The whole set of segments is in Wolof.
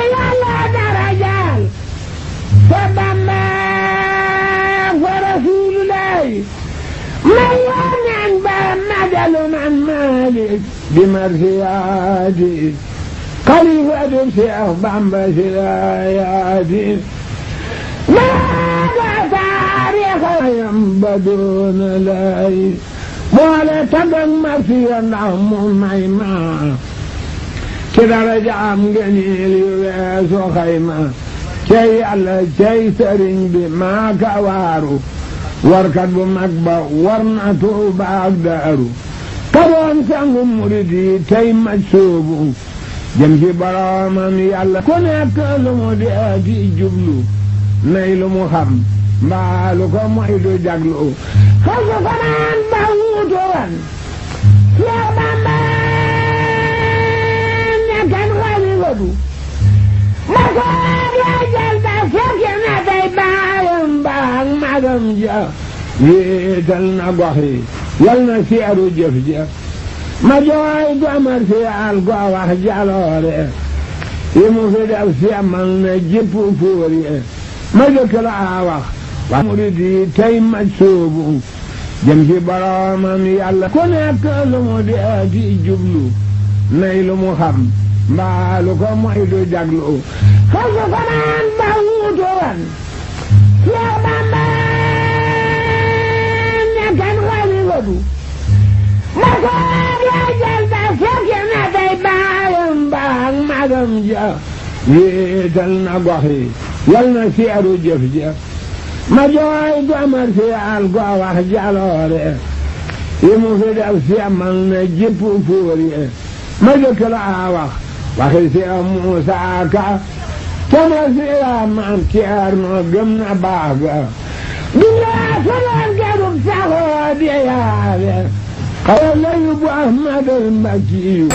يلا درجان فضماه رسول الله مليون بدل عن مالك بمرثياتي خليفة الشيخ بمبشياتي ماذا تاريخ ينبدون لي ولا تقم في العم ميمان ci dara ja am ngëneel yu weesu xayma cey yàlla cey sëriñ bi maa waaru warkat bu mag ba war na daaru kadoon sangu murit yi tey maj soobu jëm ci boroomam yàlla ku nekk lu mu deeti jublu nay mu xam mbaa ko moy du jaglu xasu fanaan ba wuutu wan مقول يجل بسك نتي باين بان مدم جا قمر في القوة جلوري يمفيد أفسي من نجف فوري مجك العاوة ومريدي تيم مجسوب جمشي برامان يالا كنك المدي أتي جبلو نيل محمد بالكم محيط جاكلو فسفنا عن بعود ورن يا بابا نكن غالي غدو ما قال يا جلد أسلك يا نادي بايم بان مادم جا يتلنا قحي يلنا سيئر جف جا ما جوائد أمر في عالقوا واحد جعلوه يمو في دعو سيئر من نجيب فوريه ما جوكلا عاوه waxi si am Muusaa Ka sama siiraam maam Ceerno gëm na baax ga bilaa fanaan garub saxoo di yaale xale layu bu Ahmadal Mbakiyu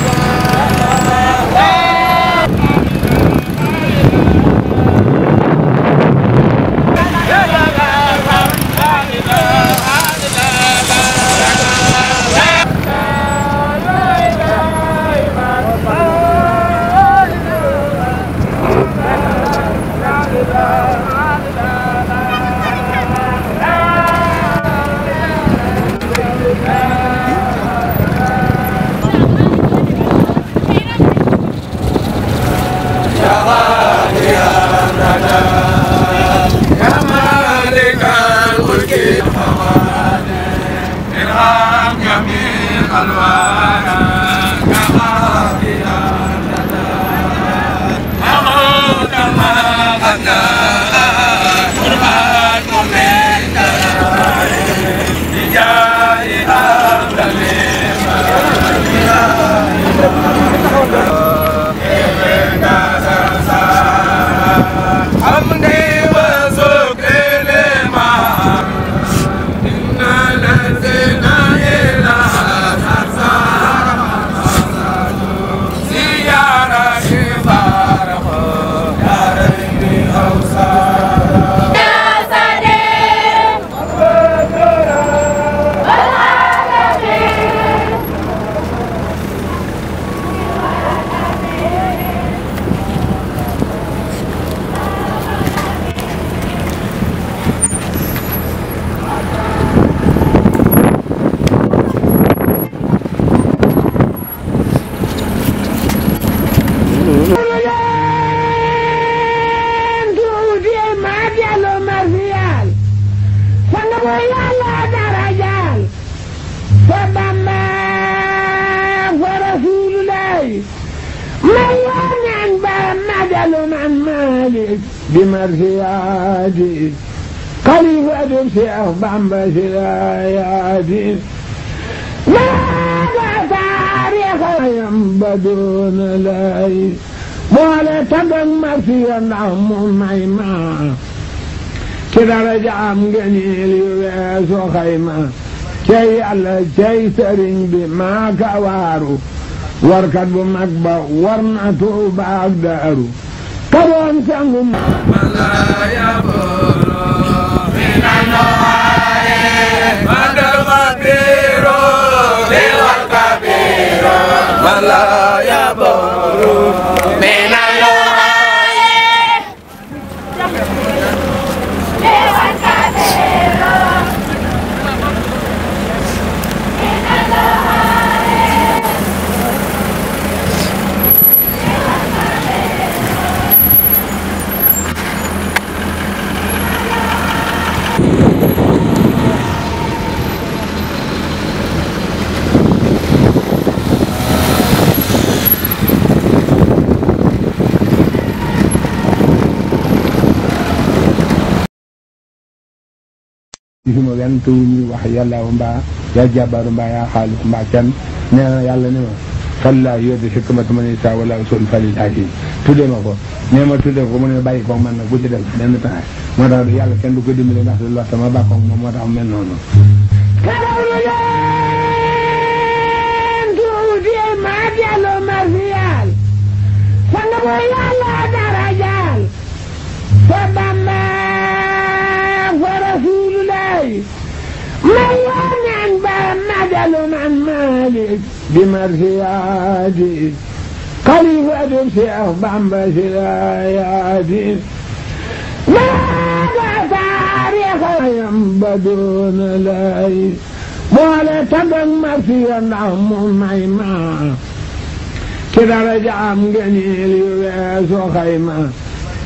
am ngëneel yu weesu xayma cey yàlla cey sëriñ bi maaka waaru warkat bu mag ba war na tuuba ak daaru ka doon sangu man la ya gisuma wenn te ñu wax yàlla mbaa yaa jàbbaaru mbaa yaa xaalis mbaa kenn nee na yàlla ne ma fallaa yóote xikmata man isaa wala usul falil hakim tuddee ma ko nee ma tuddee ko mu ne bàyyi koog man nag bu ci dem benn temps moo tax yàlla kenn du ko dimbale ndax lu wax sama bàkkoog moom moo tax mel noonu yàlla darajaal fa bamba البيت ميان عن مدل عن مالك بمرثياتي في سيف بمبسياتي ماذا تاريخ ينبدون لي ولا تدم في العم ميمان كذا رجع مقني ليباس وخيمة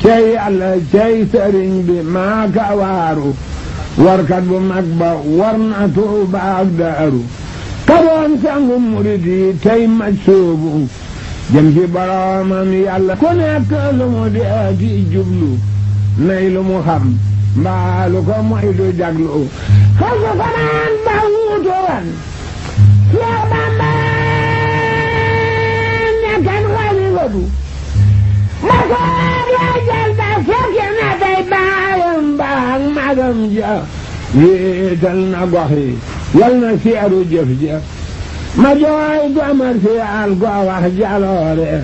كي على كي سرين بما كوارو warkat bu mag ba war na tuuba ak daaru ka doon sangu murit yi tey maj soobu jëm ci boroomam yàlla ku nekk lu mu di aati jublu nay mu xam mbaa ko moy du jaglu xasu fanaan ba wuutu wan soo bambaan nekkan xali wadu masoor yaa jël magam ja wéetal na gox yi yal na seeru jëf ja ma jooy gomar seel go wax jaloore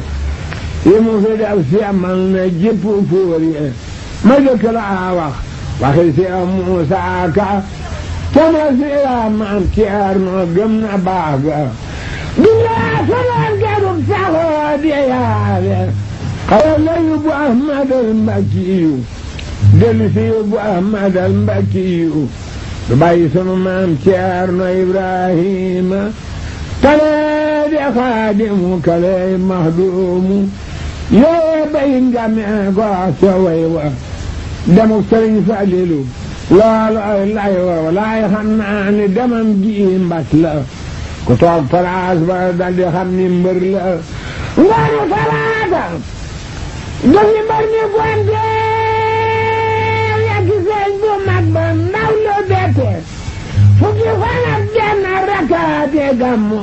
yi mu fi def seemal na jëpp fuur yi ma jëkk la wax waxi Seex Muusaa Ka sama seera maam Ceerno gëm na baax ga bilaa salaan garub saxoo di yaale xala layu bu Ahmad al Makiyu dellu si yóbbu ahmad al mbakkiyu du bàyyi sunu maam ceerno ibrahima kalee di xaadimu kalee mahduumu yee bay ngamee gox ca way wa demuk sëriñ falilu loolu ay lay wa walaay xam naa ni demam gi mbas la ku toog faraas ba dal di xam ni mbër la ngoonu faraasa dafi mbër ni fonte nee gàmmu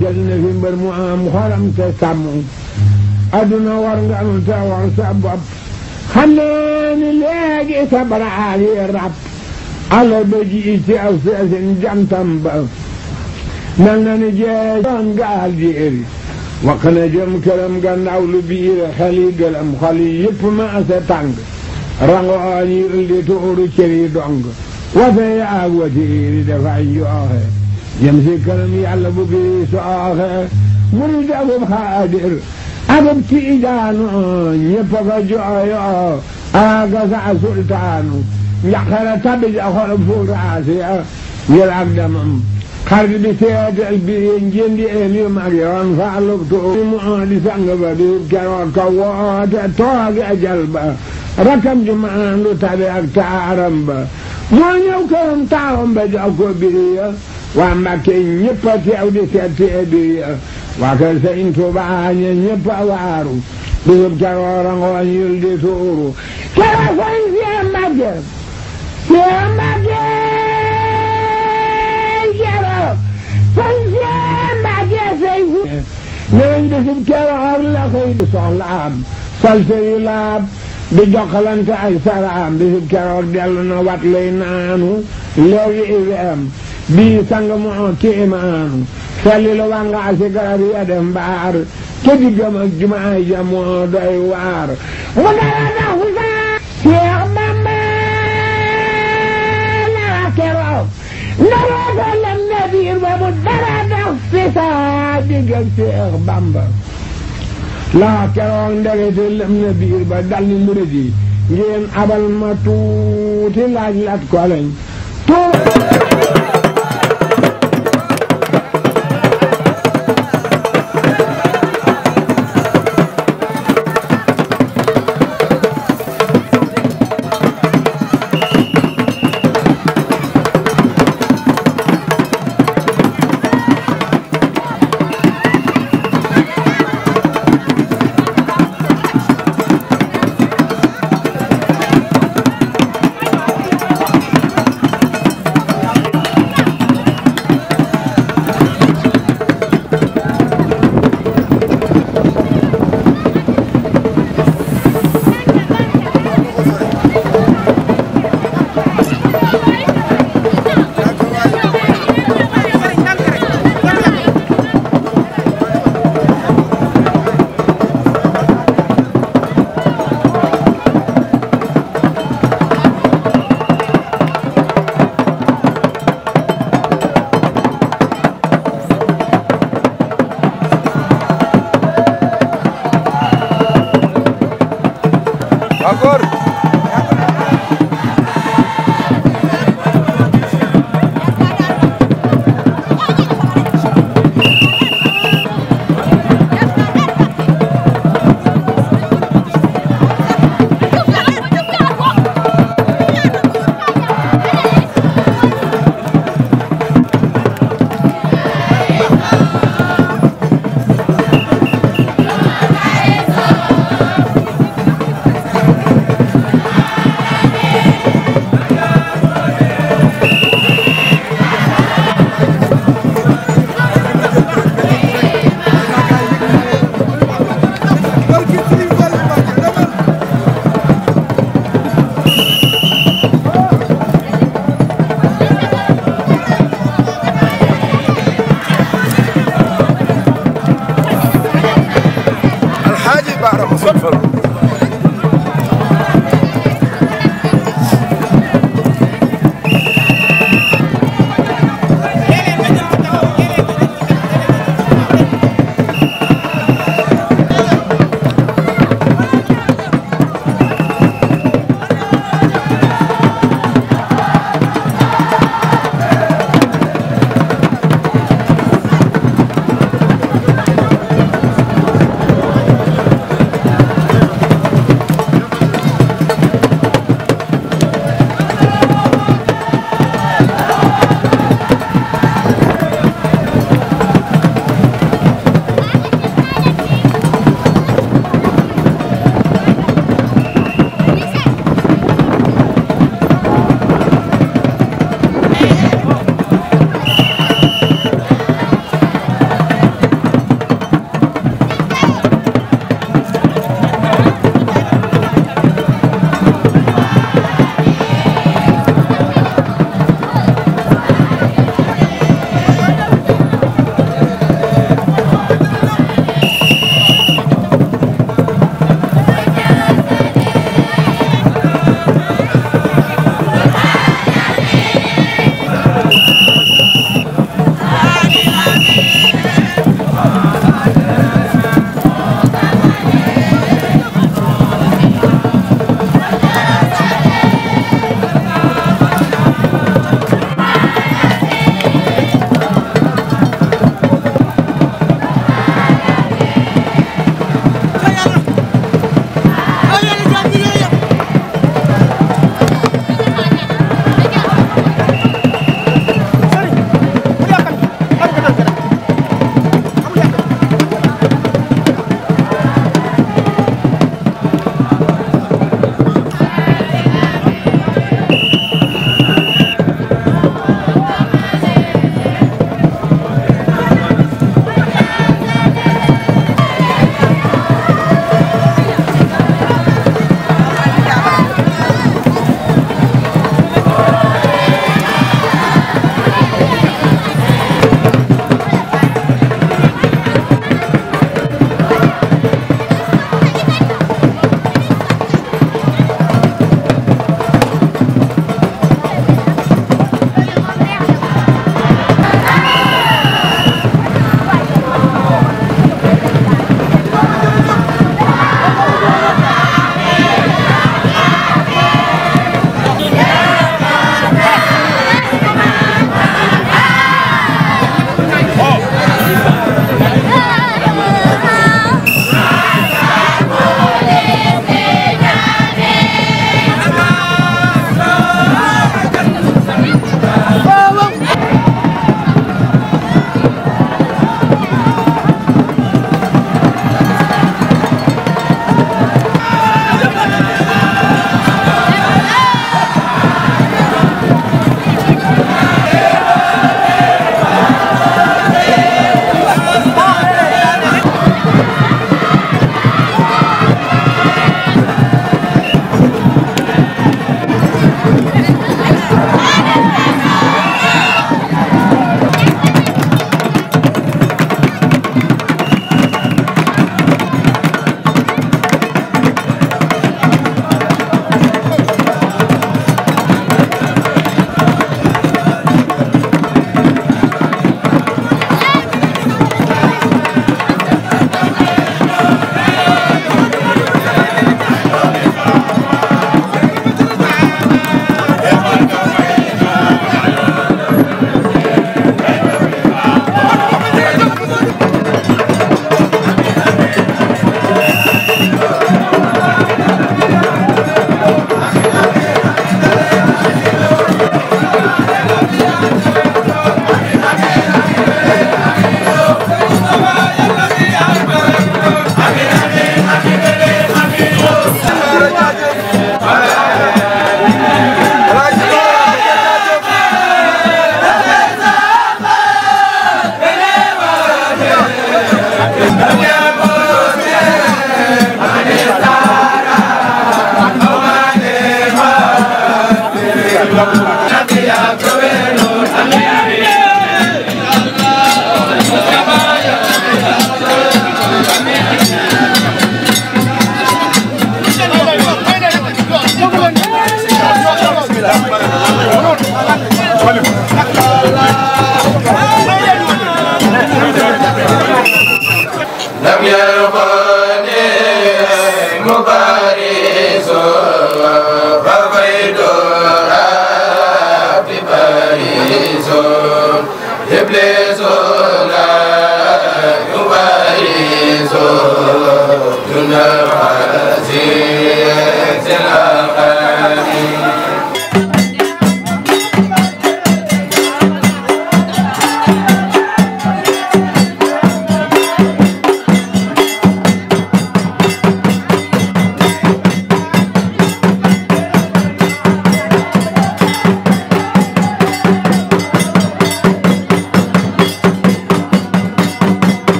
jël na fi mbër mu am xolam te sàmm adduna war nga am te war sa bopp xam ne ni léegi sa rab ala ba ji ci aw seesin jantam ba mel jee doon nga aljeeri wax na jëm këram gannaaw lu biir xel yi gëlëm yi yëpp ma ase tàng rangooñ yi di tuuru cër yi dong wase yi ak watiir yi dafay njooxe يمسي كلمي يعلم به سؤال مريد أبو بخادر أبو تيدان يبقى جعيا أقصع سلطان يحخل تبج اخر أخل فراسي يلعب دمم خرج بسياد البين جند أمير مريم فعلب تؤمن معالي سنغبا بيبكر وكوات طاق جلبا ركم جمعان تبعك تعرم با ما يوكرم تعرم بجأكو بريه waa Mbàkke ñëpp a teew di seet ci addiya waa kër Sëriñ Tuubaa ñe ñëpp a waaru bisub keroog a ngooñ yul di tuuru keroog sëriñ Seex Mbàkke Seex Mbàkke keroog sëriñ Seex Mbàkke sëriñ ñëweñ bisub keroog la koy di soxlaam salte yu laab di jokkalante ay saraam bisub keroog dellu na wat lay naanu leew yi IBM bii sang moo tiimaan sallilu wanga asigar ya dem baar ca diggam ak jumaay ja moo doy waar mu dara daxu saa Seex Bamba la keroog naroo ko lem na biir ba mu dara dax si saa diggam Seex Bamba la keroog ndegete lem na biir ba dal ni murid yi ngeen abal ma tuuti laaj lat ko lañ tuuti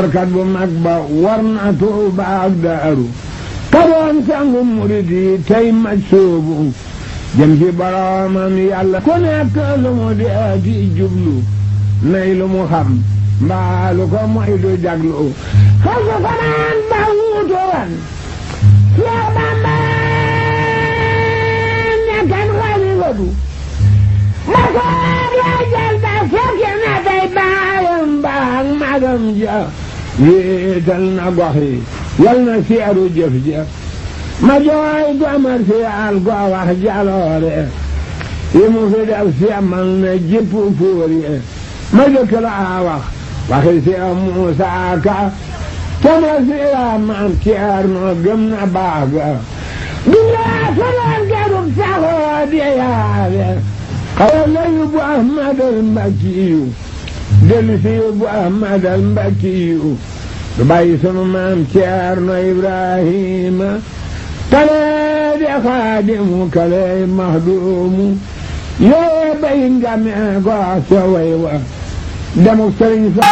بمكبا أكبر بعد دارو قدوا أنسانهم مريدي تيم مجسوب جمشي براما مي الله كنا كالهم دياتي جبلو نيل مخم ما بالكم وحيدو جاقلو خلصوا فران باوتورا يا بابان يا كان غالي ودو مكان يا جلبا سكنا دايبا ينبا مدام جاء يقلنا قهي يلنا سيار وجفجف ما جاي قمر سيار قواه جعله رئه يمفيد أفسي من جب فوري ما جاك لها وخ وخي سيار موسى عاكا كما سيار مع امتعار مع قمنا باقا بالله فلا قالوا بسعه هذه يا هذه قال لا يبو أحمد المكيو dellu si yóbbu Ahmad al Mbakiyu du bàyyi sunu maam Ceerno Ibrahima kale di xaadimu kale mahdumu yee bay ngame gox sa way wa demuk sëriñ sa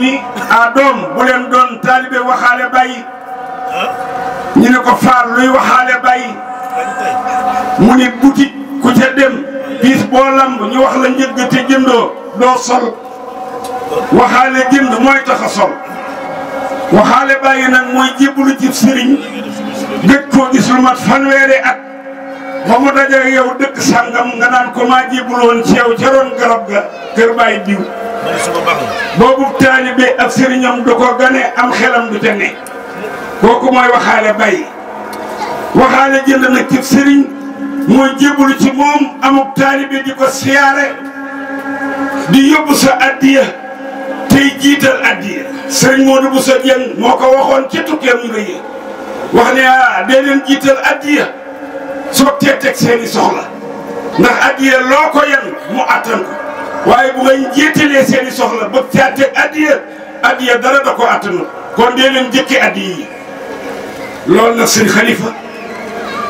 bi a doom bu leen doon taalibe waxaale bàyyi ñu ne ko faar luy waxaale bàyyi mu ni boutique ku ca dem biis boo lamb ñu wax la njëgg te jëndoo doo sol waxaale jënd mooy tax a sol waxaale bàyyi nag mooy jébbalu ci sëriñ gëj koo gis mat fanweeri at ba mu daje yow dëkk sàngam nga naan ko maa jébbalu woon ci yow ca roon garab ga kër bàyyi diw boobu taalibe ak sëriñam du ko gane am xelam du te ne kooku mooy waxaale bay waxaale jënd nag ci sëriñ mooy jébbalu ci moom amuk taalibe di ko siyaare di yóbbu sa addiya tey jiital addiya sëriñ Modou Bousso Dieng moo ko waxoon ci tukkeem ñu nga yëg wax ne ah dee leen jiital addiya soog tee seeni soxla ndax addiya loo ko yan mu attan ko waaye bu ngay jéetalee seen soxla ba fàtte addiya addiya dara da ko attanu kon dee leen jëkke yi loolu nag seen xalifa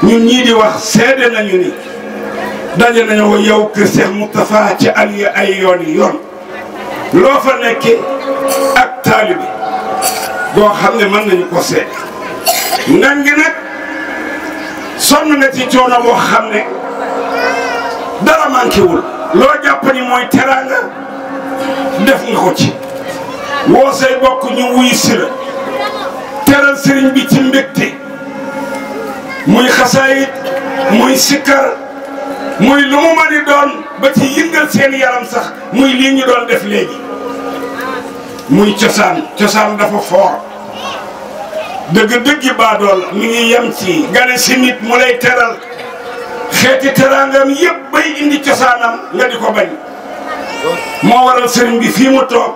ñun ñii di wax seede nañu ni daje nañu yow kër Cheikh ci aliya ay yoon yi yoon loo fa nekke ak taalibi boo xam ne mën nañu ko seede ngan ngi nag sonn na ci coono boo xam ne dara manqué loo jàpp ni mooy teraanga def nga ko ci woo say bokk ñu wuy si la teral sëriñ bi ci mbégte muy xasaayit muy sikkar muy lu mu mën di doon ba ci yëngal seen yaram sax muy lii doon def léegi muy cosaan cosaan dafa foor dëgg dëggi baadoo la mi ngi yem ci gane si nit mu lay teral xéti terangam yëpp bay indi cosaanam nga di ko bañ moo waral sëriñ bi fii mu toog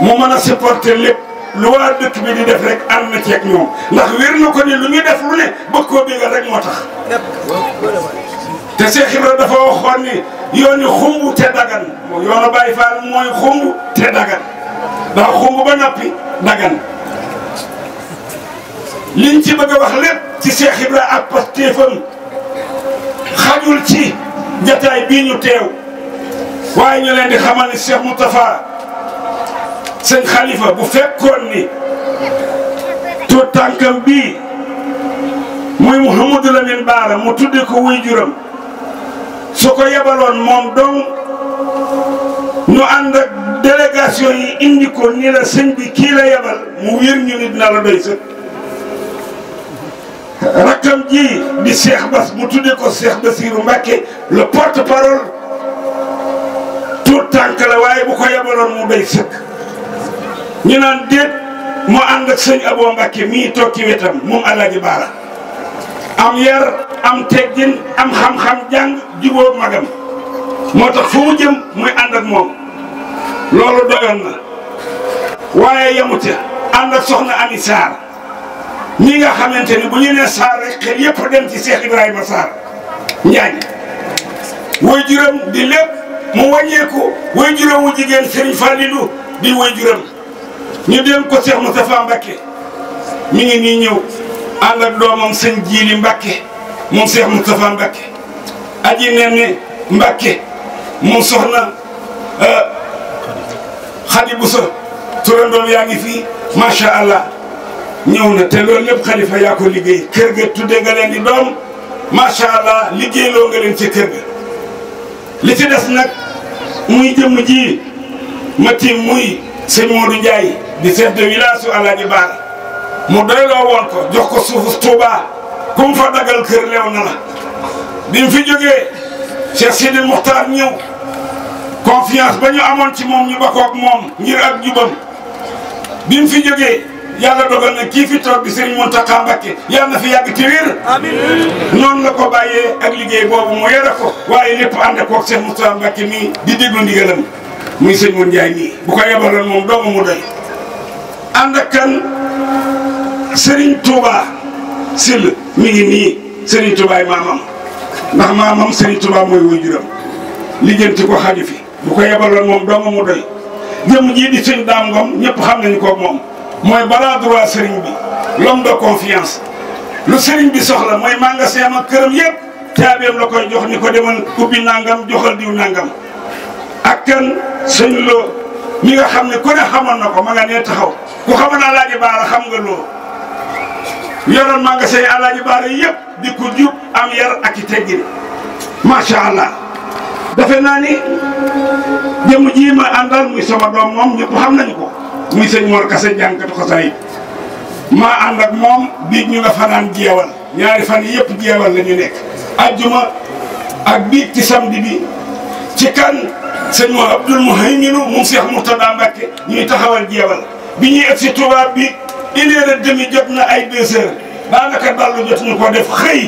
mu mën a supporter lépp lu waa dëkk bi di def rek am na ceeg ñoom ndax wér na ko ni lu ñu def lu ne bëgg bi nga rek moo tax te Cheikh Ibra dafa waxoon ni yooni xumb te dagan yoonu Baye Fall mooy xumb te dagan ndax xumb ba noppi dagan liñ ci bëgg a wax lépp ci Cheikh Ibra ak pastéefam xajul ci jataay bii ñu teew waaye ñu leen di xamal ni Cheikh Moustapha sëñ Khalifa bu fekkoon ni tu tànkam bii muy Mouhamadou Lamine Baara mu tudde ko wuy juram su ko yebaloon moom dong ñu ànd ak délégation yi indi ko ni la sëñ bi kii la yebal mu wér ñu ni dina doy sëkk rakkam ji di Cheikh Bass mu tuddee ko Cheikh Bassirou Mbacké le porte parole tout tànk la waaye bu ko yabaloon mu béy sëkk ñu naan déet mu ànd ak sëñ Abo Mbacké mii toog ci wetam moom Alaaji Baara am yar am teggin am xam-xam jàng jubóo magam moo tax fu mu jëm muy ànd ak moom loolu doyoon na waaye yamute ànd ak soxna Ami Sarr ñi nga xamante ni bu ñu nee Sarr rek xel yëpp dem ci Cheikh Ibrahima Sarr Njaañ woy juram di lépp mu wàññeeku woy juram wu jigéen Serigne Fallilou di woy ñu dem ko Cheikh Moustapha Mbacké mi ngi nii ñëw ànd ak doomam sëñ Jiili Mbacké moom Cheikh Moustapha Mbacké aji nen ni Mbacké moom soxna euh, Khady Bousso turandoom yaa ngi fii macha allah. ñëw na te loolu lépp xalifa yaa ko liggéey kër ga tudde nga leen di doom macha allah liggéeyloo nga leen ci kër ga li ci des nag muy jëmm ji ma muy sëñ Modou Ndiaye di chef de village su Alaaji Baar mu doyloo woon ko jox ko suufu Touba ku mu fa dagal kër lew na la bi mu fi jógee Cheikh Sidi Muxtaar ñëw confiance ba ñu amoon ci moom ñu bakkoog moom ngir ak jubam bi mu fi jógee. yàlla dogal na kii fi toog bi Serigne Mountakha Mbacké yàlla na fi yàgg ci wér. amiin noonu la ko bàyyee ak liggéey boobu mu yore ko waaye lépp ànd koog Cheikh Moustapha Mbacké mii di déglu ndigalam muy sëñ Mourou Ndiaye mii bu ko yebaloon moom doomu mu doy ànd ak kan Serigne Touba Syll mi ngi nii Serigne Touba maamam ndax maamam Serigne Touba mooy waajuram lijjanti ko xaju fi bu ko yebaloon moom doomu mu doy jëm jii di sëñ Dame Ngom ñëpp xam nañu ko moom. mooy balaa droit sëriñ bi l'homme de confiance lu sëriñ bi soxla mooy magasin am ak këram yëpp caabeem la koy jox ni ko demal ubbi nangam joxal diw nangam ak kan sëñ loo mi nga xam ne ko ne xamoon na ko ma nga nee taxaw ku xamoon alaaji baara xam nga loo yoroon magasin alaaji baara yëpp di ko jub am yar ak i teggin macha allah defe naa ni jëmm jii ma àndal muy sama doom moom ñëpp xam nañu ko. muy sëñ Mor Kase jànkatu xasaay maa ànd ak moom biig ñu nga fanaan jeewal ñaari fan yëpp jeewal la ñu nekk ajjuma ak biig ci samedi bi ci kan sëñ Mor Abdul Muhayminu mu Cheikh Murtada Mbacke ñuy taxawal jeewal bi ñuy egg si tubaab bi une heure jot na ay deux heures daanaka dallu jot ñu ko def xëy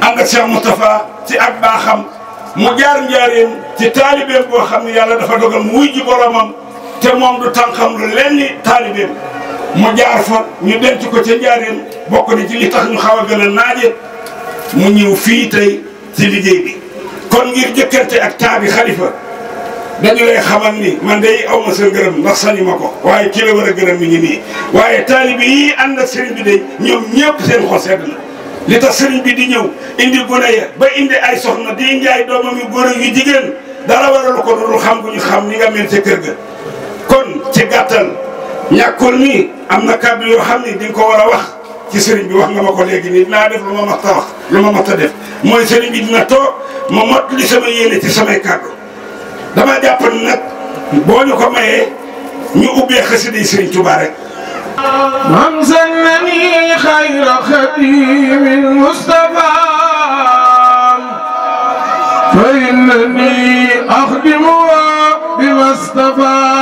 ànd ak Cheikh Moustapha ci ak baaxam mu jaar njaareem ci taalibeem boo xam ne yàlla dafa dogal mu wuy ji boromam te moom du tànkam lu leen ni taalibeem mu jaar fa ñu denc ko ca njaareem bokk na ci li tax ñu xaw a gën a naaje mu ñëw fii tey ci liggéey bi kon ngir jëkkante ak taabi xalifa dañu lay xamal ni man day aw ma sa gërëm ndax sani ma ko waaye ki la war a gërëm mi ngi nii waaye taalibi yii ànd ak sëriñ bi day ñoom ñëpp seen xol sedd na li tax sëriñ bi di ñëw indi gune ya ba indi ay soxna di njaay doomam yu góor yu jigéen dara waralu ko dul xam gu ñu xam ni nga mel ca kër ga ci gàttal ñàkkul ni am na kàddu yoo xam ni di nga ko war a wax ci sëriñ bi wax nga ma ko léegi nii dinaa def lu ma mat a wax lu ma mat a def mooy sëriñ bi dina toog ma mot li sama yéene ci samay kàddu dama jàpp nag boo ñu ko mayee ñu ubbee xasida yi sëriñ Tuubaa rek. man sannani xayra xadimin Mustafa fa innani axdimu bima stafa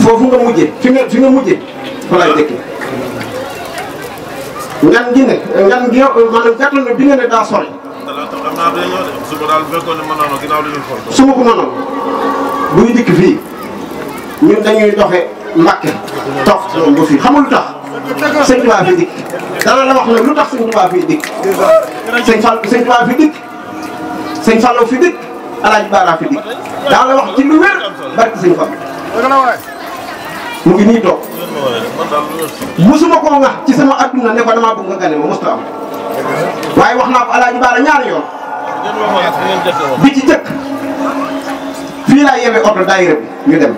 foofu nga mujjee fi nga fi nga mujjee fa laay dëkk ngan gi nag ngan gi maanaam gàttal bi nga ne ne mënoon ginnaaw dañuy xool. suba ko mënoon bu dikk fii ñu dañuy doxe Mbàkke toog loolu ba fii xamul tax sëñ Tuubaa fi dikk dana la wax ne lu tax sëñ Tuubaa fi dikk sëñ Fall sëñ Tuubaa fi dikk sëñ Fallou fi fi dikk daa la wax ci lu wér barke sëñ Fall mu ngi nii toog musuma koo ŋax ci sama adduna ne ko dama bëgg nga gane ma musta am wax naa ko alaaji baara ñaari yoon bi ci jëkk fii laa yebe oto daayira ñu dem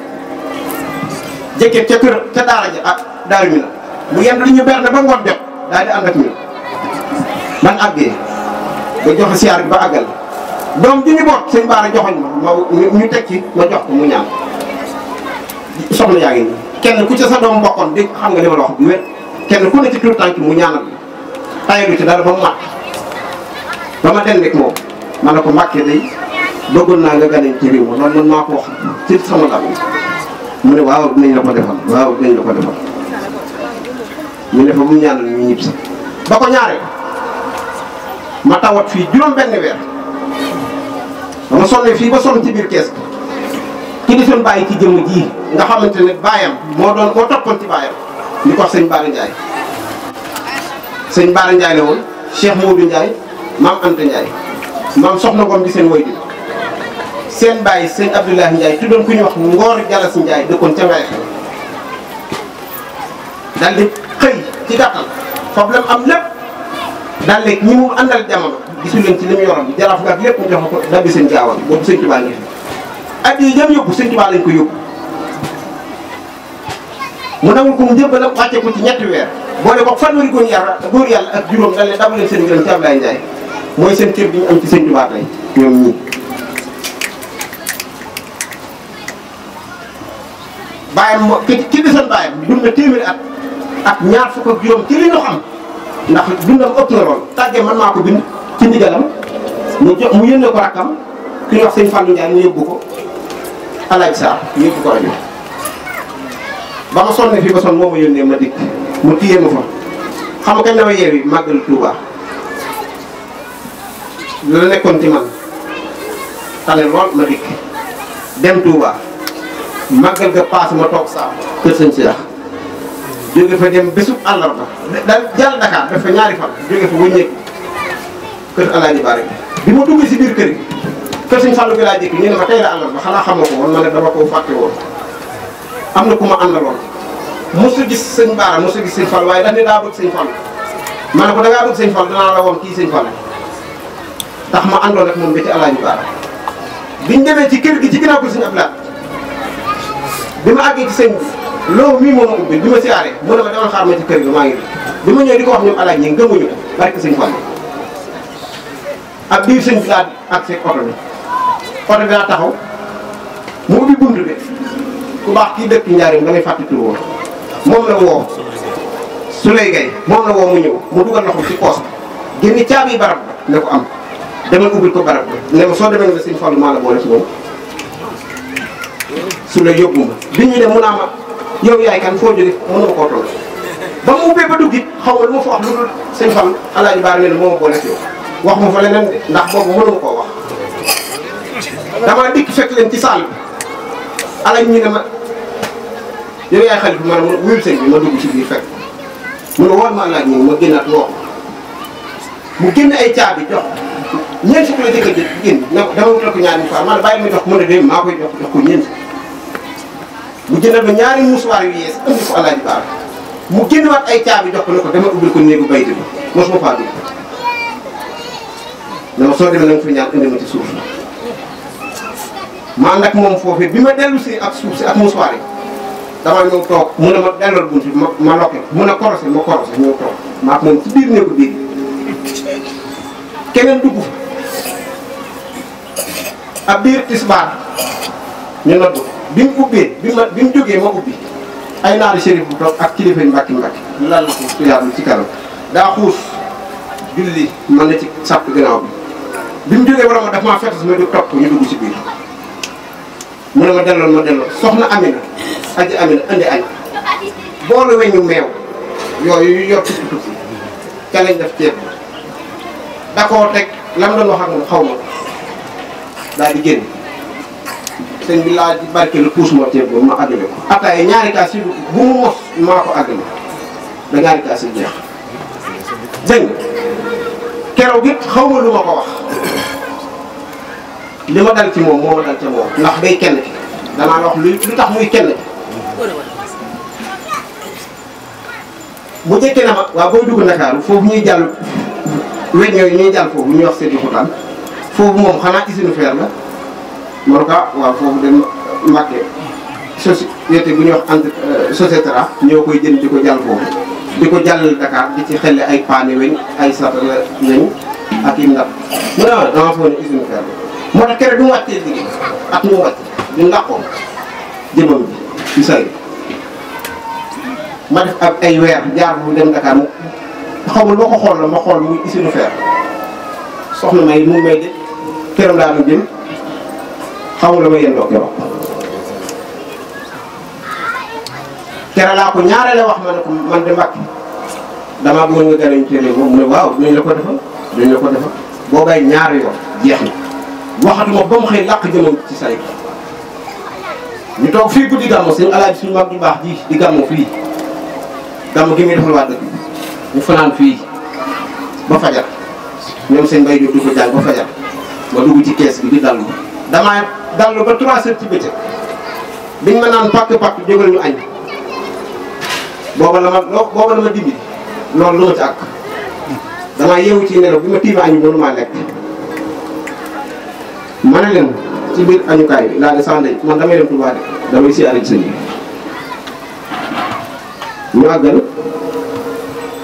jëkkee ca kër ca daara ja ak ah, daaru mi na mu yendu li ñu berne ba ngoon daal di ak man ba ba ñu ma ñu ci ma jox ko mu ñaan soxna kenn ku ca sa doom bokkoon di xam nga li ma la wax bu wér kenn ku ne ci tuut tànk mu ñaanal tayalu ci dara ba mu màkk ba ma den rek moom ma ne ko mbàkkee day bëggoon naa nga gane ci réew ma loolu man maa ko wax ci sama dàll mu ne waaw dinañ la ko defal waaw dinañ la ko defal ñu ne fa mu ñaanal ñu ñib si ba ko ñaareel ma tawat fii juróom benn weer ba ma sonnee fii ba sonn ci biir kees bi ki di suñ bàyyi ci jëmm ji nga xamante ne baayam moo doon moo toppoon ci baayam ñu ko wax sëñ Baara Ndiaye sëñ Baara Ndiaye la woon Cheikh Modou Ndiaye maam Anta Ndiaye maam soxna Ngom di seen woy bi seen bàyyi sëñ Abdoulahi Ndiaye tuddoon ku ñuy wax Ngor Galas Ndiaye dëkkoon ca Ngaye daal di xëy ci gàttal problème am lépp daal léegi ñi mu àndal jamono gisu leen ci li mu yoroon jaraaf nga lépp mu ko dabi seen jaawal boobu sëñ Tuubaa ngi at yii ñoom yóbbu sëñ Tuubaa ko yóbbu mu nangul ko mu jëbbal ak wàcce ko ci ñetti weer boole ko fanweeri góor yàlla góor yàlla ak juróom dañ leen dama seen ngërëm ci Ablaye Ndiaye mooy seen cër bi ñu am ci sëñ Tuubaa tey ñoom ñii ñaar fukk ak juróom ndax dundam ëpp na lool tàggee man maa ko bind ci ndigalam mu jo mu yënne ko rakkam ki ñuy wax sëñ Fallou Ndiaye ñu ko alaaj saar ñëpp ko rajo ba ma sonn fi ma sonn moo ma yónnee ma dikk mu téye ma fa xam nga yeewi màggal la nekkoon ci man lool ma dikk dem Tuuba màggal ga paas ma toog saa kër sëñ si dax jóge fa dem bésub àllarba daal jàll Dakar def fa ñaari fan jóge fa wëññeeku kër Alaaji Baare bi ma si biir kër kër Sëñ Fallou bi laa jékki ñu ne ma tey la àllarba xanaa xamoo ko woon ma ne dama ko fàtte am na ku ma àndaloon mosu gis sëñ Baara mosu gis sëñ Fallou waaye daf ne daa bëgg sëñ Fallou ma ne ko da ngaa bëgg sëñ Fallou danaa la woon kii sëñ Fallou ndax ma àndoon rek moom ba ci Alaaji Baara biñ demee ci kër gi ci ginnaaw si Sëñ Abdoulaye bi ma àggee ci sëñ bi loolu mii moom a ubbi bi ma siyaaree mu ne ma demal xaar ma ci kër gi maa ngi bi ma ñëwee di ko wax ñoom Alaaji ñi gëmuñu ko barke sëñ Fallou bi laa ak oto bi daa taxaw mu ubbi bunt bi ku baax kii dëkk njaarim da ngay fàttali woon moom la woo su gay moom la woo mu ñëw mu dugal loxo ci poos bi génne caabi barab ba ne ko am demal ubbil ko barab ba ne ma soo demee nga sëñ Fallu maa la boole ci moom su la yóbbu ma bi ñu dem mu naa ma yow yaay kan foo jóge mënuma koo toll ba mu ubbee ba dugg it xaw ma lu ma fa wax lu dul sëñ Fallu alaaji baar ne moom a boole ci yow wax ma fa ndax boobu mënuma koo wax damaa dikk fekk leen ci saal bi alañ ñu ne ma yow yaay xarit bi ma ne ma wuyul sëñ bi ma dugg ci biir fekk mu ne woon ma alaaj ñu ma génnaat woo mu génn ay caabi jox ñeent fukk la jëkk a jël génn ne ko dama ñaari musuwaar ma ne bàyyi ma jox mu ne de maa koy jox mu jëndal ma ñaari musuwaar yu yees indi ko alaaji baal ay caabi jox ko ne ko dama ubbil ko néegu bayte bi mosuma faa dugg dama soo demee na nga fi ñaan indi ma ci suuf ma ànd moom foofu bi ma dellusee si ak suuf si ak musuwaar yi dama ñëw toog mun a ma delloo buntu ma ma lokke ci biir néegu biir keneen dugg fa ñu bi mu ubbee bi bi ñu laal la ko tuyaab lu ci kanam daa xuus julli man na ci sàpp gannaaw bi bi mu jógee wala ma daf maa fekk ñu dugg ci biir mu ne ma delloon ma delloon soxna Amina aji Amina andi añ boolu weñu meew yooyu yu yor tuuti tuuti ca lañ def bi da teg lam doon wax ak xaw ma daal di génn sëñ bi laa ji barke lu puus moo ceeb boobu ma àggale ko. ataay ñaari kaas bu mu mos maa ko àggale ba ñaari kaas yi jeex dégg keroog it xaw ma lu ma ko wax. li ma dal ci moom moo ma dal ca moom ndax day kenn ki danaa la wax lu lu tax muy kenn bu jëkkee na ma waaw booy dugg Ndakaaru foofu ñuy jàll weñ yooyu ñuy jàll foofu ñuy wax seeti xutaan foofu moom xanaa isinu feer la moo tax ah foofu dem Mbàkke société bu ñuy wax entre euh, société ñoo koy jënd di ko jàll foofu di ko jàllale Dakar di ci xelle ay paane weñ ay satala weñ ak i ndab mu ne ah, dama foog ne isinu feer la moo tax keroog bi mu wàccee liggéey ak mu wàcc ñu ngàqoon jëmam bi misaal ma def ab ay weer jaar bu dem Dakar mu xamul boo ko xool la ma xool muy isinu fer soxna may mu may de këram daal di jëm xamul la ma yéen doog yow kere laa ko ñaareele wax ma ne ko man de Mbàkke damaa bëggoon nga garañ téeméer moom mu waaw duñ la ko defal duñ la ko defal boo bay ñaari yoon jeex na wax mo ba mu xëy làq jëloon ci say ñu toog fii guddi gàmmu seen alaaji suñu mag bu baax ji di gàmmu fii gàmmu gi muy defal waa dëkk ñu fanaan fii ba fajar ñoom seen mbay jooju ko jàng ba fajar ma dugg ci kees bi di dallu damaa dallu ba 3 heures ci bëccëg biñ ma naan pàkk pàkk jógal ñu añ booba la ma loo la ma lu ma ci ci ma añ ma ne leen ci biir añukaay bi laa de sànni man damay dem Touba de damay siyaare ci sëñ bi ñu àggal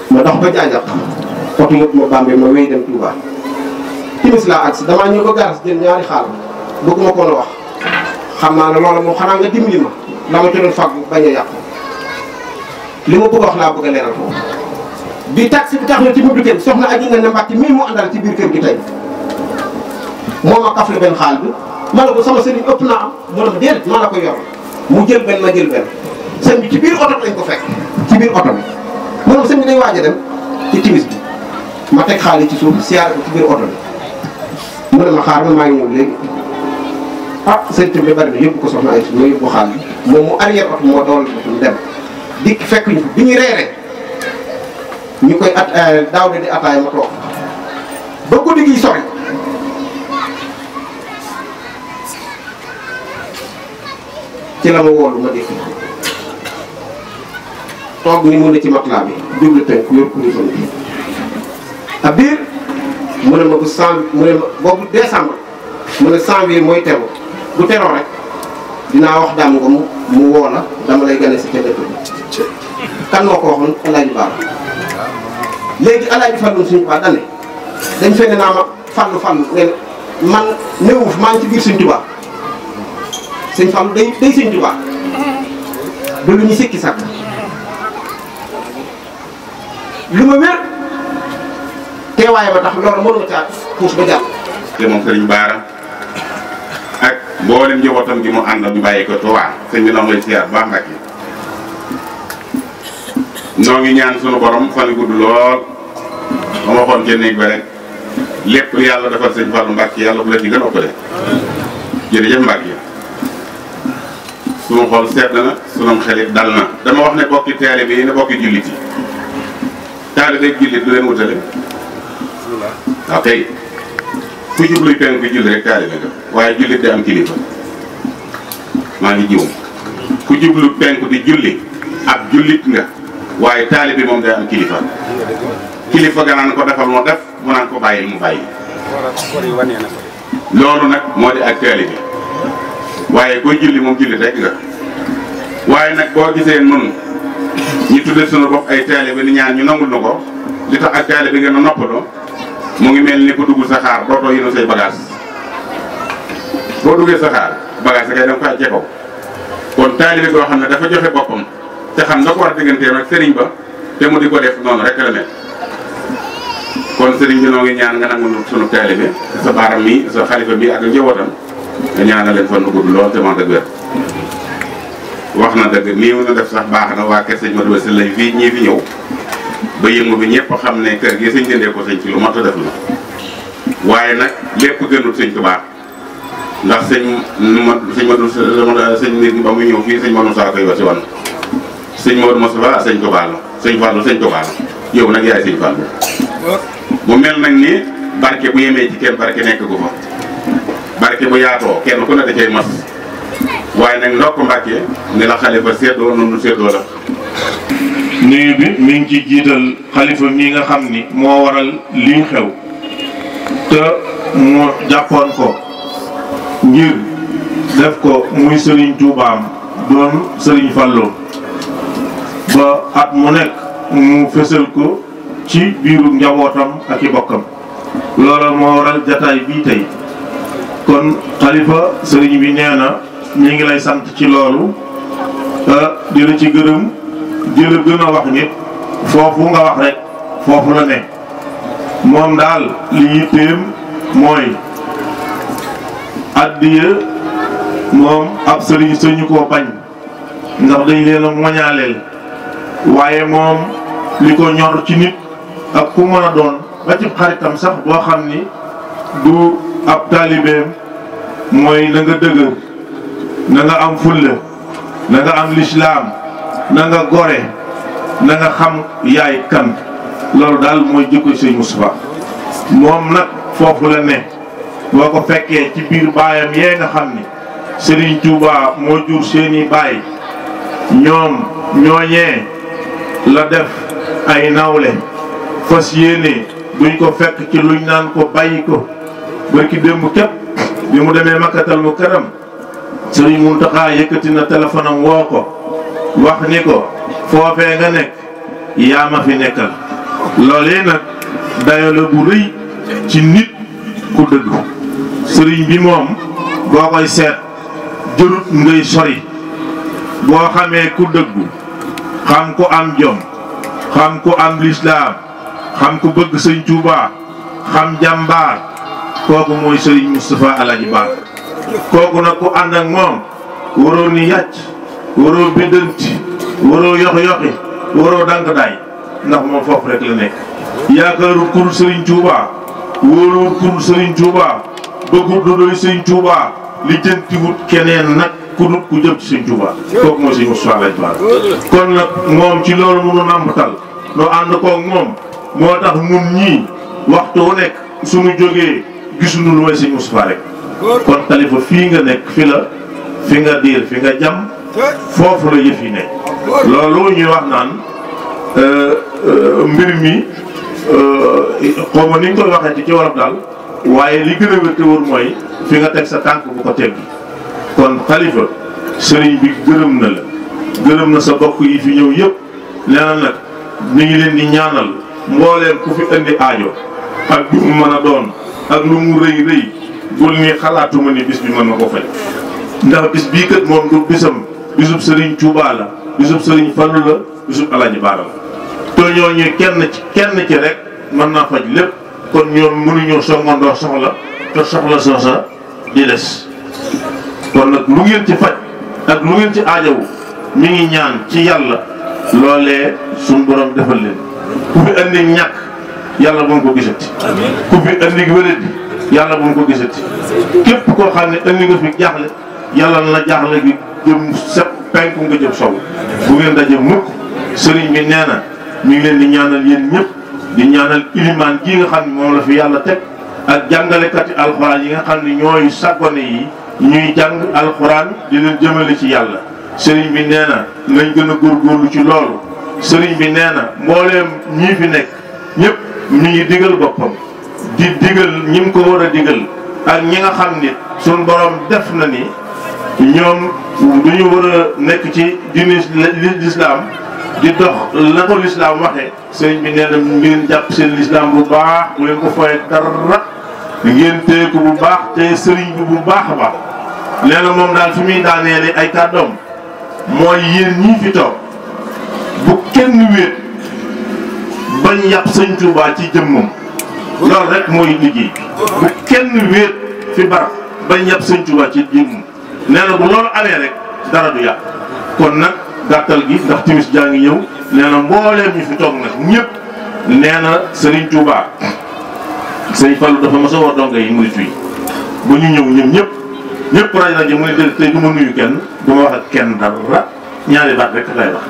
ma dox ba jaajaq oto yëpp ma bàmbe ma wéy dem Touba. timis laa agsi damaa ñëw ba garas jël ñaari xaal bëgguma ko wax xam naa ne loolu moom xanaa nga dimbali ma la ma ci doon bañ a yàqu li ma bëgg wax laa bëgg a leeral foofu. bi taxi bi tax na ci buntu kër soxna aji nga ne mbàkk mi mu àndal ci biir kër gi tey. moo ma kafle xaal bi ma ne ko sama sëriñ ëpp naa am mu ne ma déedéet ma la ko yor mu jël benn ma jël benn sëñ ci biir oto lañ ko fekk ci biir oto bi ma ne a dem ci timis bi ma teg xaalis ci suuf siyaare ko ci biir bi mu ne ma maa ngi ñëw léegi ah bi bari ko soxna ay ma yóbbu xaalis moom mu arrière oto moo dool mu dem dikk fekk ñu bi ñu reeree ñu koy at euh, daaw de di ataay ma toog ba guddi gi sori ci la ma woolu ma dégg toog ni mu ne ci matelas bi jublu penk yor kurifam bi a biir mu ne ma bu cent mu ne ma boobu décembre mu ne janvier mooy teru bu teroo rek dinaa wax daam nga mu mu la dama lay gane si ca bi kan moo ko waxoon alaaji baara léegi alaaji fàllum suñu tubaab dane dañ fene naa ma fàllu fàllu ngeen man néewuf maa ci biir suñu tubaab sëñ am day day sëñ Tuubaa du mm-hmm. lu ñu sikki sàkk mm-hmm. lu ma wér teewaay ba tax loolu mënoo caa puus ba jàpp. te moom sëriñ Baara ak mboolem njabootam gi mu ànd ñu bàyyi ko Tuubaa sëñ bi noo ngi lay siyaar baax na ki ñaan sunu borom fan gudd lool ma waxoon ca néeg ba rek lépp lu yàlla defal sëñ Fallou Mbacke yàlla bu la ci gën a ëppale jërëjëf Mbacke. suñu xool sedd na sunum xelit dal na dama wax ne bokki teere bi ne bokki jullit yi taalibe ak jullit du leen wutale ah, moom day am kilifa kilifa ga naan ko defal moo def mu naan ko bàyyi mu bàyyi loolu nag moo di ak taalibe waaye koy julli moom julli rek nga waaye nag boo gisee nun ñu tudde sunu bopp ay taalibe ni ñaan ñu nangul na ko li tax ak taalibe gën a noppaloo mu ngi mel ni ko dugg saxaar dootoo yenu say bagage boo duggee saxaar bagage da kay da nga ko kon taalibe goo xam ne dafa joxe boppam te xam na ko war a digganteem ak sëriñ ba te mu di ko def noonu rek la mel kon sëriñ bi noo ngi ñaan nga nangul sunu taalibe sa baaram mi sa xalifa bi ak njabootam te ñaanale leen nu gudd lool te man ak wér wax na dëgg nii mën a def sax baax na waa kër sëñ Madou Bousso lañ fii ñii fi ba yëngu bi ñëpp xam ne kër gi sëñ jëndee ko lu mat a def la waaye nag lépp gënut sëñ Tuubaa ndax sëñ ma sëñ Madou sëñ nit ba mu ñëw fii sëñ Madou Sarr koy wax sëñ Modou Moustapha sëñ la sëñ Fallou sëñ Tuubaa la yow nag yaay sëñ Fallou mu mel nag ni barke bu yemee ci kenn barke nekk gu fa barke bu yaatoo kenn ku ne cay mas waaye nag ndokk Mbàkke ne la xalifa seddoo noonu seddoo la nuyu bi mi ngi ci jiital xalifa mi nga xam ni moo waral lii xew te mu jàppoon ko ngir def ko muy Serigne Toubaam doon Serigne Fallou ba at mu nekk mu fësal ko ci biiru njabootam ak i bokkam loola moo waral jataay bii tey kon xalifa sëriñ bi nee na ñu ngi lay sant ci loolu ah, di la ci gërëm di gën a wax nit foofu nga wax rek foofu la ne moom daal li yitteem mooy addiya moom ab sëriñ sëñu koo bañ ndax dañ leen a moñaaleel waaye moom li ko ñor ci nit ak ku mën a doon ba xaritam sax boo xam ni du ab taalibeem mooy na nga dëgg na nga am fulla na nga am lislaam na gore na xam yaay kan loolu daal mooy jikko sëñ Moustapha moom nag foofu la ne boo ko fekkee ci biir baayam yee nga xam ni Serigne Touba moo jur seeni baay ñoom ñooñee la def ay nawle fas yéene buñ ko fekk ci luñ naan ko bàyyi ko bërki démb képp bi mu demee makkatal mu karam sëriñ Muntaxa yëkkati na téléphone woo ko wax ni ko foofee nga nekk yaa ma fi nekkal loolee nag dayo la bu rëy ci nit ku dëggu sëriñ bi moom boo koy seet jërut ngay sori boo xamee ku dëggu xam ku am jom xam ku am lislaam xam ku bëgg sëñ Tuubaa xam jàmbaar kooku mooy Serigne Moustapha Alaaji Ba kooku nag ku ànd ak moom waroo ni yàcc waroo biddanti waroo yox-yoxi waroo dànk daay ndax moom foofu rek la nekk yaakaarul kul Serigne Touba wóoluwul kul Serigne Touba bëggul du doy Serigne Touba li jëntiwut keneen nag ku dul ku jëm ci Serigne Touba kooku mooy Serigne Moustapha Alaaji kon nag moom ci loolu mënu nàmbatal noo ànd koog moom moo tax nun ñii waxtu wu nekk suñu jógee gisuñu lu may sëñ Moustapha kon Xalifa fii nga nekk fi la fi nga diir fi nga jam foofu la yëf yi ne loolu ñuy wax naan euh, euh, mbir mi euh, xaw ma ni ñu koy waxee ci ci warab daal waaye li gën a wér te wóor mooy fi nga teg sa tànk bu ko teggi kon Xalifa sëriñ bi gërëm na la gërëm na sa bokk yi fi ñëw yëpp nee na nag ñu leen ñaanal mbooleem ku fi indi aajo ak bu mu a doon ak lu mu rëy rëy bul ni xalaatuma ni bis bi mën na ko fay ndax bis bii kat moom du bisam bisub Serigne Touba la bisub Serigne la bisub Alaaji Baara la te ñooñu kenn kenn ci rek mën naa faj lépp kon ñoom mënuñoo songandoo soxla te soxla soosa di des kon nag lu ngeen ci faj ak lu ngeen ci aajawu mi ngi ñaan ci yàlla loolee suñu borom defal leen ku fi andi ñàkk yàlla bu ko gisati ku bi indi gi yàlla bu mu ko gisati képp ko xam ne indi nga fi jaaxle yàlla na la jaaxle gi jëm sep penku nga jëm sow bu ngeen daje mukk sëriñ bi nee na mi ngi di ñaanal yéen ñëpp di ñaanal ilimaan gi nga xam ne moom la fi yàlla teg ak jàngalekati alxuraan yi nga xam ne ñooy saggone yi ñuy jàng alxuraan di leen jëmale ci yàlla sëriñ bi nee na nañ gën a góorgóorlu ci loolu sëriñ bi nee na mbooleem ñii fi nekk ñëpp mi ngi digal boppam di digal ñim mu ko war a digal ak ñi nga xam ni suñu boroom def na ni ñoom du ñu war nekk ci diine lislaam di dox la ko lislaam waxee sëñ bi nee na jàpp seen lislaam bu baax bu leen ko fooyee dara ngeen téye bu baax te sëriñ bi bu baax a baax na moom daal fi muy daaneele ay kàddoom mooy yéen ñii fi toog bu kenn wéet bañ yàq sëñ Touba ci jëmmam loolu rek mooy liggéey bu kenn wéet fi barab bañ yàq sëñ Touba ci jëmmam nee bu loolu amee rek dara du yàq kon nag gàttal gi ndax timis jaa ngi ñëw nee na mbooleem ñu fi toog nag ñëpp nee na Serigne Touba sëñ Fallou dafa mos a war donga yi muy fii ba ñu ñëw ñoom ñëpp ñëpp rajo rajo mu ne déedéet tey du ma nuyu kenn du ma wax ak kenn dara ñaari baat rek lay wax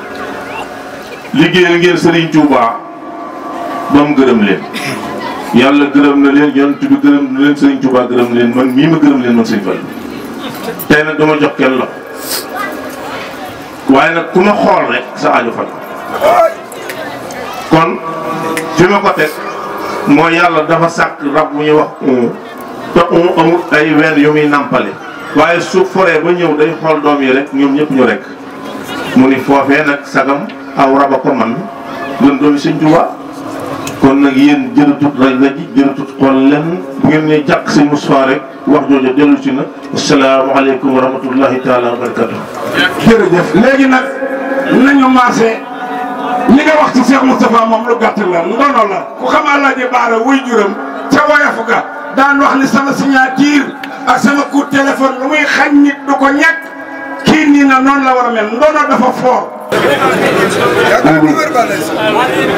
liggéeyal ngeen Serigne Touba. mom mu gërëm leen yalla gërëm na leen yonent bi gërëm na leen sëriñ Tuubaa gërëm leen man mi ma gërëm leen man sëriñ fall tay nag dama jox kel la waaye nak kuma xol rek sa aajo fall kon fi ko tek mo yalla dafa sak rab mu ñu wax ta on un amul ay wenn yu mi nampalé waaye su foré ba ñew day xol doom yi rek ñom ñep ñu rek mu ni fofé nak sagam aw rab ko man gën doomi sëriñ Tuubaa ko nag yéen jërëtut raj raj jërëtut xool leen ngeen ne jàkk sëñ Moustapha rek wax jooju dellu si na wa rahmatullahi taala wa barakatu jërëjëf nag nañu marché li ca woyof ga daan wax ni sama signature ak sama coup téléphone lu muy xañ nit du ko ñàkk kii na noonu la war a mel ndono dafa foor Yakıp vermelisin. Amin.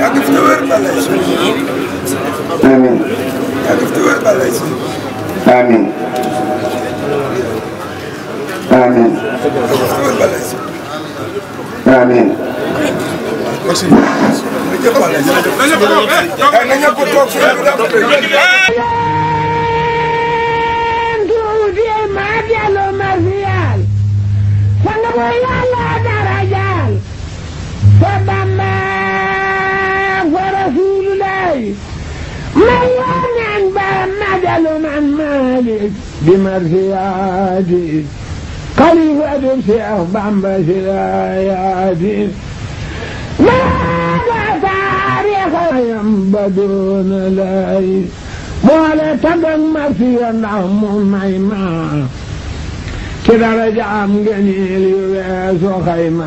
Yakıp vermelisin. Amin. Yakıp vermelisin. Amin. Amin. ولا درجان فضماه رسول الله مليون بدل عن مالك بمرثياتي خليفة الشيخ بامبا سلاياتي ماذا تاريخ ينبدون لي ولا تبن مرثيا عم ميمان ci dara ja am ngëneel yu weesoo xayma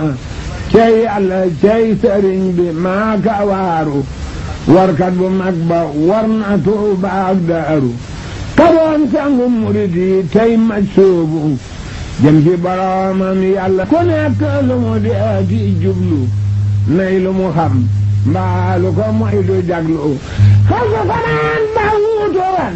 cey yàlla cey sëriñ bi maa ka waaru warkat bu mag ba war na tuuba ak daaru kadoon sangu murit yi tey maj soobu jëm ci boroomam yàlla ku nekk lu mu deeti jublu nay lu mu xam mbaalu ko moy du jaglu xasu fanaan ba wuutu wan